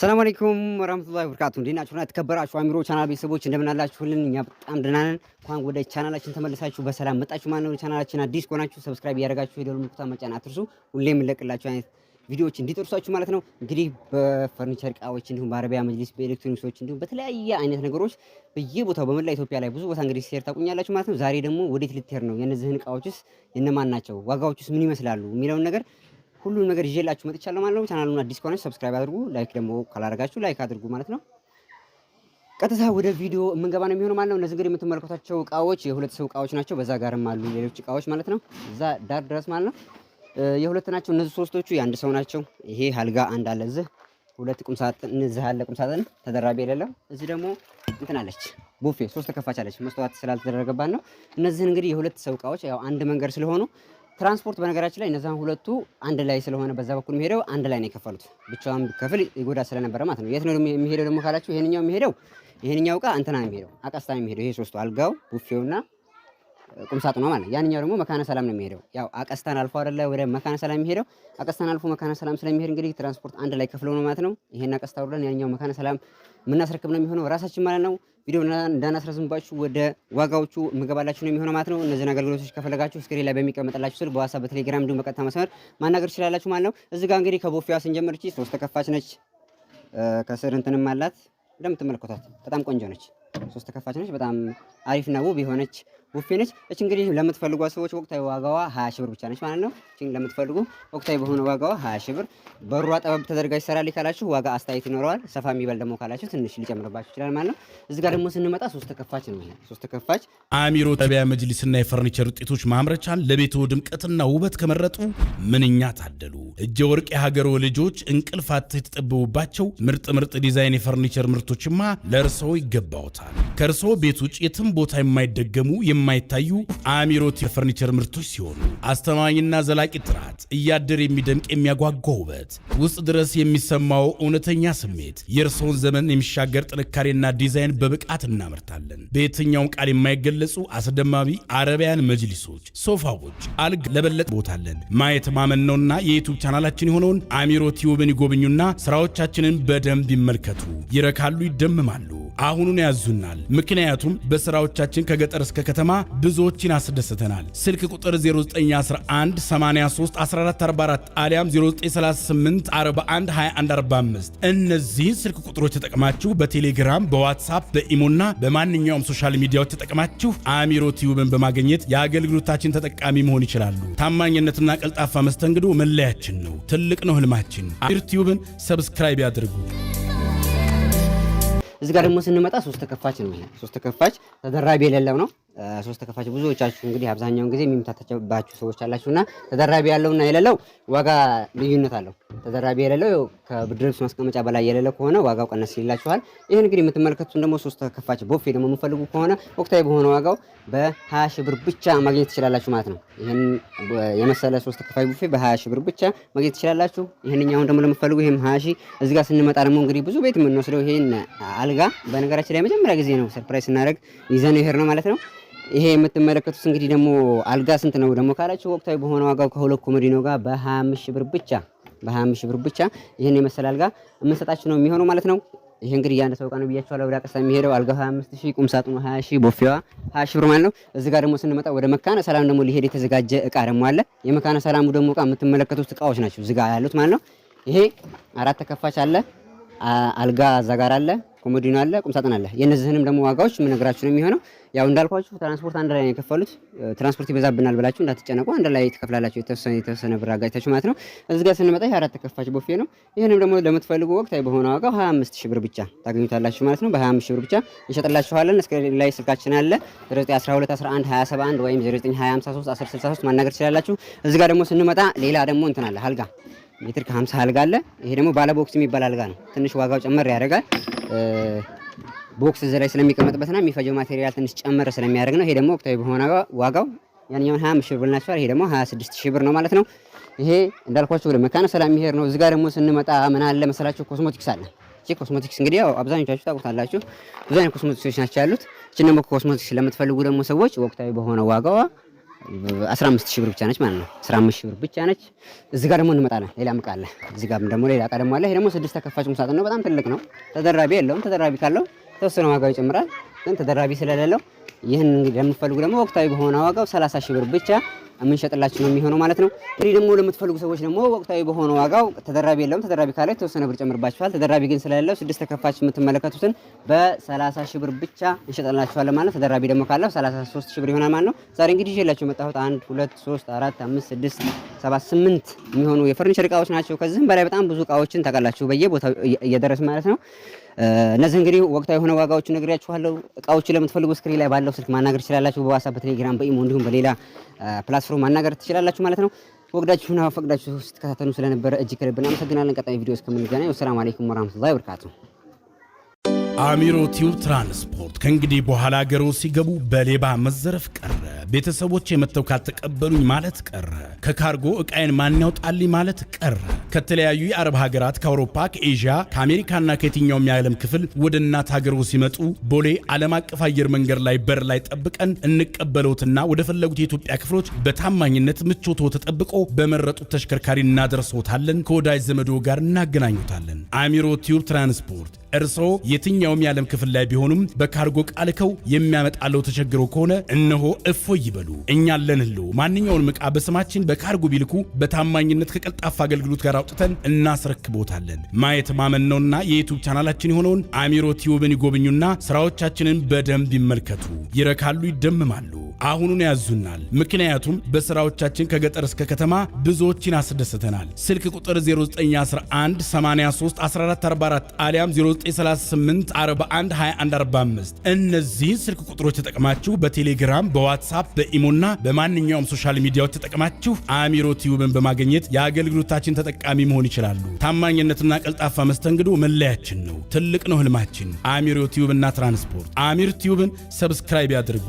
ሰላም አለይኩም ወራህመቱላሂ ወበረካቱ። እንዴት ናችሁ? የተከበራችሁ አሚሮ ቻናል ቤተሰቦች እንደምናላችሁልን፣ እኛ በጣም ደህና ነን። እንኳን ወደ ቻናላችን ተመልሳችሁ በሰላም መጣችሁ ማለት ነው። ቻናላችን አዲስ ከሆናችሁ ሰብስክራይብ ያደረጋችሁ የደወል ምልክቱን መጫን አትርሱ። ሁሌ የምንለቅላችሁ አይነት ቪዲዮዎች እንዲደርሷችሁ ማለት ነው። እንግዲህ በፈርኒቸር እቃዎች እንዲሁም በአረቢያ መጅሊስ፣ በኤሌክትሮኒክሶች እንዲሁም በተለያየ አይነት ነገሮች በየቦታው በመላ ኢትዮጵያ ላይ ብዙ ቦታ እንግዲህ ሲሄድ ታቁኛላችሁ ማለት ነው። ዛሬ ደግሞ ወዴት ልትሄድ ነው? የነዚህን እቃዎችስ እነማን ናቸው? ዋጋዎችስ ምን ይመስላሉ? የሚለውን ነገር ሁሉም ነገር ይዤላችሁ መጥቻለሁ ማለት ነው። ቻናሉን አዲስ ከሆነ ሰብስክራይብ አድርጉ፣ ላይክ ደግሞ ካላደረጋችሁ ላይክ አድርጉ ማለት ነው። ቀጥታ ወደ ቪዲዮ የምንገባ ነው የሚሆነው ማለት ነው። እነዚህ እንግዲህ የምትመለከቷቸው እቃዎች የሁለት ሰው እቃዎች ናቸው። በዛ ጋርም አሉ ሌሎች እቃዎች ማለት ነው። እዛ ዳር ድረስ ማለት ነው የሁለት ናቸው። እነዚህ ሶስቶቹ የአንድ ሰው ናቸው። ይሄ አልጋ አንድ አለ እዚህ ሁለት ቁም ቁምሳጥን እዚህ አለ ሳጥን ተደራቢ የሌለው እዚህ ደግሞ እንትን አለች ቡፌ ሶስት ተከፋች አለች። መስተዋት ስላልተደረገባት ነው። እነዚህን እንግዲህ የሁለት ሰው እቃዎች ያው አንድ መንገድ ስለሆኑ ትራንስፖርት በነገራችን ላይ እነዛን ሁለቱ አንድ ላይ ስለሆነ በዛ በኩል የሚሄደው አንድ ላይ ነው የከፈሉት። ብቻውን ከፍል ይጎዳ ስለነበረ ማለት ነው። የት ነው የሚሄደው ደግሞ ካላችሁ፣ ይሄንኛው የሚሄደው ይሄንኛው እቃ እንትና የሚሄደው አቀስታ የሚሄደው ይሄ ሶስቱ አልጋው ቡፌውና ቁምሳጥኗ ማለት ያንኛው ደግሞ መካነ ሰላም ነው የሚሄደው። ያው አቀስታን አልፎ አይደለ ወደ መካነ ሰላም የሚሄደው። አቀስታን አልፎ መካነ ሰላም ስለሚሄድ እንግዲህ ትራንስፖርት አንድ ላይ ከፍለው ነው ማለት ነው። ይሄን አቀስታ ወርደን ያንኛው መካነ ሰላም የምናስረክብ ነው የሚሆነው ራሳችን ማለት ነው። ቪዲዮ እንዳናስረዝምባችሁ ወደ ዋጋዎቹ ምገባላችሁ ነው የሚሆነው ማለት ነው። እነዚህን አገልግሎቶች ከፈለጋችሁ እስክሪን ላይ በሚቀመጥላችሁ ስል በዋሳ በቴሌግራም እንዲሁም በቀጥታ መስመር ማናገር ትችላላችሁ ማለት ነው። እዚህ ጋር እንግዲህ ከቦፌዋ ስንጀምር እቺ ሶስት ተከፋች ነች። ከስር እንትንም አላት እንደምትመለከቷት በጣም ቆንጆ ነች። ሶስት ተከፋች ነች በጣም አሪፍና ውብ የሆነች ቡፌ ነች። እች እንግዲህ ለምትፈልጓት ሰዎች ወቅታዊ ዋጋዋ ሀያ ሺህ ብር ብቻ ነች ማለት ነው። እችን ለምትፈልጉ ወቅታዊ በሆነ ዋጋዋ ሀያ ሺህ ብር። በሯ ጠበብ ተደርጋ ይሰራል ካላችሁ ዋጋ አስተያየት ይኖረዋል። ሰፋ የሚበል ደግሞ ካላችሁ ትንሽ ሊጨምርባችሁ ይችላል ማለት ነው። እዚህ ጋር ደግሞ ስንመጣ ሶስት ተከፋች ነው። ሶስት ተከፋች አሚሮ ጠቢያ መጅሊስና የፈርኒቸር ውጤቶች ማምረቻን ለቤትዎ ድምቀትና ውበት ከመረጡ ምንኛ ታደሉ። እጀ ወርቅ የሀገር ልጆች እንቅልፍ አጥተው የተጠበቡባቸው ምርጥ ምርጥ ዲዛይን የፈርኒቸር ምርቶችማ ለእርሰው ይገባውታል። ከእርሰው ቤት ውጭ የትም ቦታ የማይደገሙ የማይታዩ አሚሮት የፈርኒቸር ምርቶች ሲሆኑ አስተማማኝና ዘላቂ ጥራት፣ እያደር የሚደምቅ የሚያጓጓ ውበት፣ ውስጥ ድረስ የሚሰማው እውነተኛ ስሜት፣ የእርስዎን ዘመን የሚሻገር ጥንካሬና ዲዛይን በብቃት እናመርታለን። በየትኛውም ቃል የማይገለጹ አስደማሚ አረቢያን መጅሊሶች፣ ሶፋዎች፣ አልግ ለበለጠ ቦታለን። ማየት ማመን ነውና የዩቱብ ቻናላችን የሆነውን አሚሮት ውብን ይጎብኙና ስራዎቻችንን በደንብ ይመልከቱ። ይረካሉ፣ ይደምማሉ። አሁኑን ያዙናል። ምክንያቱም በስራዎቻችን ከገጠር እስከ ከተማ ብዙዎችን አስደስተናል። ስልክ ቁጥር 0911831444 አሊያም 0938412145 እነዚህን ስልክ ቁጥሮች ተጠቅማችሁ በቴሌግራም በዋትሳፕ በኢሞና በማንኛውም ሶሻል ሚዲያዎች ተጠቅማችሁ አሚሮ ቲዩብን በማግኘት የአገልግሎታችን ተጠቃሚ መሆን ይችላሉ። ታማኝነትና ቀልጣፋ መስተንግዶ መለያችን ነው። ትልቅ ነው ህልማችን። አሚሮ ቲዩብን ሰብስክራይብ ያድርጉ። እዚህ ጋር ደግሞ ስንመጣ ሶስት ተከፋች ነው። ሶስት ተከፋች ተደራቢ የሌለው ነው። ሶስት ተከፋች ብዙዎቻችሁ እንግዲህ አብዛኛውን ጊዜ የሚምታታባችሁ ሰዎች አላችሁ እና ተደራቢ ያለውና የሌለው ዋጋ ልዩነት አለው። ተደራቢ የሌለው ከብድር ልብስ ማስቀመጫ በላይ የሌለው ከሆነ ዋጋው ቀነስ ይላችኋል። ይህን እንግዲህ የምትመለከቱን ደግሞ ሶስት ተከፋች ቦፌ ደግሞ የምፈልጉ ከሆነ ወቅታዊ በሆነ ዋጋው በሀያ ሺህ ብር ብቻ ማግኘት ትችላላችሁ ማለት ነው። ይህን የመሰለ ሶስት ተከፋች ቦፌ በሀያ ሺህ ብር ብቻ ማግኘት ትችላላችሁ። ይህንኛውን ደግሞ ለምፈልጉ ይህም ሀያ ሺህ እዚህ ጋር ስንመጣ ደግሞ እንግዲህ ብዙ ቤት የምንወስደው ይህን አልጋ በነገራችን ላይ መጀመሪያ ጊዜ ነው ሰርፕራይዝ ስናደርግ ይዘን ይሄር ነው ማለት ነው ይሄ የምትመለከቱት እንግዲህ ደግሞ አልጋ ስንት ነው ደግሞ ካላችሁ ወቅታዊ በሆነ ዋጋው ከሁለት ኮመዲኖ ጋር በ25 ሺህ ብር ብቻ በ25 ሺህ ብር ብቻ ይህን የመሰለ አልጋ የምንሰጣችሁ ነው የሚሆነው ማለት ነው። ይሄ እንግዲህ የአንድ ሰው ዕቃ ነው ብያችኋለሁ። ወደ ቀሳ የሚሄደው አልጋ 25 ሺህ፣ ቁም ሳጥኑ 20 ሺህ፣ ቦፌዋ 20 ሺህ ብር ማለት ነው። እዚህ ጋር ደግሞ ስንመጣ ወደ መካነ ሰላም ደግሞ ሊሄድ የተዘጋጀ እቃ ደግሞ አለ። የመካነ ሰላሙ ደግሞ እቃ የምትመለከቱት እቃዎች ናቸው እዚህ ጋር ያሉት ማለት ነው። ይሄ አራት ተከፋች አለ፣ አልጋ እዛ ጋር አለ፣ ኮሞዲኖ አለ፣ ቁም ሳጥን አለ። የእነዚህንም ደግሞ ዋጋዎች የምነግራችሁ ነው የሚሆነው ያው እንዳልኳችሁ ትራንስፖርት አንድ ላይ ነው የከፈሉት። ትራንስፖርት ይበዛብናል ብላችሁ እንዳትጨነቁ፣ አንድ ላይ ትከፍላላችሁ። የተወሰነ የተወሰነ ብር አጋጭታችሁ ማለት ነው። እዚህ ጋር ስንመጣ አራት ተከፋች ቦፌ ነው። ይህንም ደግሞ ለምትፈልጉ ወቅታዊ በሆነ ዋጋው 25 ሺህ ብር ብቻ ታገኙታላችሁ ማለት ነው። በ25 ሺህ ብር ብቻ እንሸጥላችኋለን። እስከ ላይ ስልካችን አለ 9121121 ወይም 9253163 ማናገር ትችላላችሁ። እዚህ ጋር ደግሞ ስንመጣ ሌላ ደግሞ እንትን አለ አልጋ ሜትር ከ50 አልጋ አለ። ይሄ ደግሞ ባለቦክስ የሚባል አልጋ ነው። ትንሽ ዋጋው ጨመር ያደርጋል። ቦክስ እዚህ ላይ ስለሚቀመጥበትና የሚፈጀው ማቴሪያል ትንሽ ጨመር ስለሚያደርግ ነው። ይሄ ደግሞ ወቅታዊ በሆነ ዋጋው ያንኛውን 25 ሺህ ብር ብለናቸዋል። ይሄ ደግሞ 26 ሺህ ብር ነው ማለት ነው። ይሄ እንዳልኳችሁ ወደ መካነ ሰላም የሚሄድ ነው። እዚህ ጋር ደግሞ ስንመጣ ምን አለ መሰላችሁ? ኮስሞቲክስ አለ። እቺ ኮስሞቲክስ እንግዲህ ያው አብዛኞቻችሁ ታውቁታላችሁ። ብዙ አይነት ኮስሞቲክሶች ናቸው ያሉት። እቺን ደግሞ ኮስሞቲክስ ለምትፈልጉ ደግሞ ሰዎች ወቅታዊ በሆነ ዋጋዋ 15 ሺህ ብር ብቻ ነች ማለት ነው። 15 ሺህ ብር ብቻ ነች። እዚህ ጋር ደግሞ እንመጣለን። ሌላ እቃ አለ። እዚህ ጋር ደግሞ ሌላ እቃ ደግሞ አለ። ይሄ ደግሞ ስድስት ተከፋች ቁም ነው። በጣም ትልቅ ነው። ተደራቢ የለውም። ተደራቢ ካለው የተወሰነ ዋጋው ይጨምራል፣ ግን ተደራቢ ስለሌለው ይህን እንግዲህ ለምትፈልጉ ደግሞ ወቅታዊ በሆነ ዋጋው 30 ሺህ ብር ብቻ የምንሸጥላችሁ ነው የሚሆነው ማለት ነው። እንግዲህ ደግሞ ለምትፈልጉ ሰዎች ደግሞ ወቅታዊ በሆነ ዋጋው ተደራቢ የለውም። ተደራቢ ካለ የተወሰነ ብር ጨምርባችኋል። ተደራቢ ግን ስለሌለው ስድስት ተከፋች የምትመለከቱትን በ30 ሺህ ብር ብቻ እንሸጥላችኋለን ማለት ተደራቢ ደግሞ ካለው 33 ሺህ ብር ይሆናል ማለት ነው። ዛሬ እንግዲህ ይዤላችሁ የመጣሁት አንድ ሁለት ሶስት አራት አምስት ስድስት ሰባት ስምንት የሚሆኑ የፈርኒቸር እቃዎች ናቸው። ከዚህም በላይ በጣም ብዙ እቃዎችን ታውቃላችሁ በየቦታው እየደረስ ማለት ነው። እነዚህ እንግዲህ ወቅታዊ የሆነ ዋጋዎች ነግሬያችኋለሁ። እቃዎቹ ለምትፈልጉ ስክሪን ላይ ባለው ስልክ ማናገር ትችላላችሁ። በዋሳ በቴሌግራም በኢሞ እንዲሁም በሌላ ፕላስ አስሮ ማናገር ትችላላችሁ ማለት ነው። ወግዳችሁና ፈቅዳችሁ ስትከታተሉ ስለነበረ እጅግ ከልብ እናመሰግናለን። ቀጣይ ቪዲዮ እስከምንገናኝ ወሰላም አሌይኩም ወራህመቱላሂ ወበረካቱሁ። አሚሮ ቲዩብ ትራንስፖርት ከእንግዲህ በኋላ አገሮ ሲገቡ በሌባ መዘረፍ ቀረ። ቤተሰቦች የመተው ካልተቀበሉኝ ማለት ቀረ። ከካርጎ እቃዬን ማን ያውጣልኝ ማለት ቀረ። ከተለያዩ የአረብ ሀገራት ከአውሮፓ፣ ከኤዥያ፣ ከአሜሪካና ከየትኛውም የዓለም ክፍል ወደ እናት ሀገሮ ሲመጡ ቦሌ ዓለም አቀፍ አየር መንገድ ላይ በር ላይ ጠብቀን እንቀበለውትና ወደ ፈለጉት የኢትዮጵያ ክፍሎች በታማኝነት ምቾቶ ተጠብቆ በመረጡት ተሽከርካሪ እናደርሶታለን። ከወዳጅ ዘመዶ ጋር እናገናኙታለን። አሚሮ ቲዩብ ትራንስፖርት እርስዎ የትኛውም የዓለም ክፍል ላይ ቢሆኑም በካርጎ ቃልከው የሚያመጣለው ተቸግሮ ከሆነ እነሆ እፎይ ይበሉ፣ እኛ አለንልዎ። ማንኛውንም ዕቃ በስማችን በካርጎ ቢልኩ በታማኝነት ከቀልጣፋ አገልግሎት ጋር አውጥተን እናስረክቦታለን። ማየት ማመን ነውና የዩቱብ ቻናላችን የሆነውን አሚሮ ቲዩብን ይጎብኙና ስራዎቻችንን በደንብ ይመልከቱ። ይረካሉ፣ ይደምማሉ። አሁኑን ያዙናል። ምክንያቱም በስራዎቻችን ከገጠር እስከ ከተማ ብዙዎችን አስደስተናል። ስልክ ቁጥር 0911831444 አሊያም 0938412145 እነዚህን ስልክ ቁጥሮች ተጠቅማችሁ በቴሌግራም በዋትሳፕ በኢሞና በማንኛውም ሶሻል ሚዲያዎች ተጠቅማችሁ አሚሮ ቲዩብን በማግኘት የአገልግሎታችን ተጠቃሚ መሆን ይችላሉ። ታማኝነትና ቀልጣፋ መስተንግዶ መለያችን ነው። ትልቅ ነው ህልማችን። አሚሮ ቲዩብና ትራንስፖርት አሚር ቲዩብን ሰብስክራይብ ያድርጉ።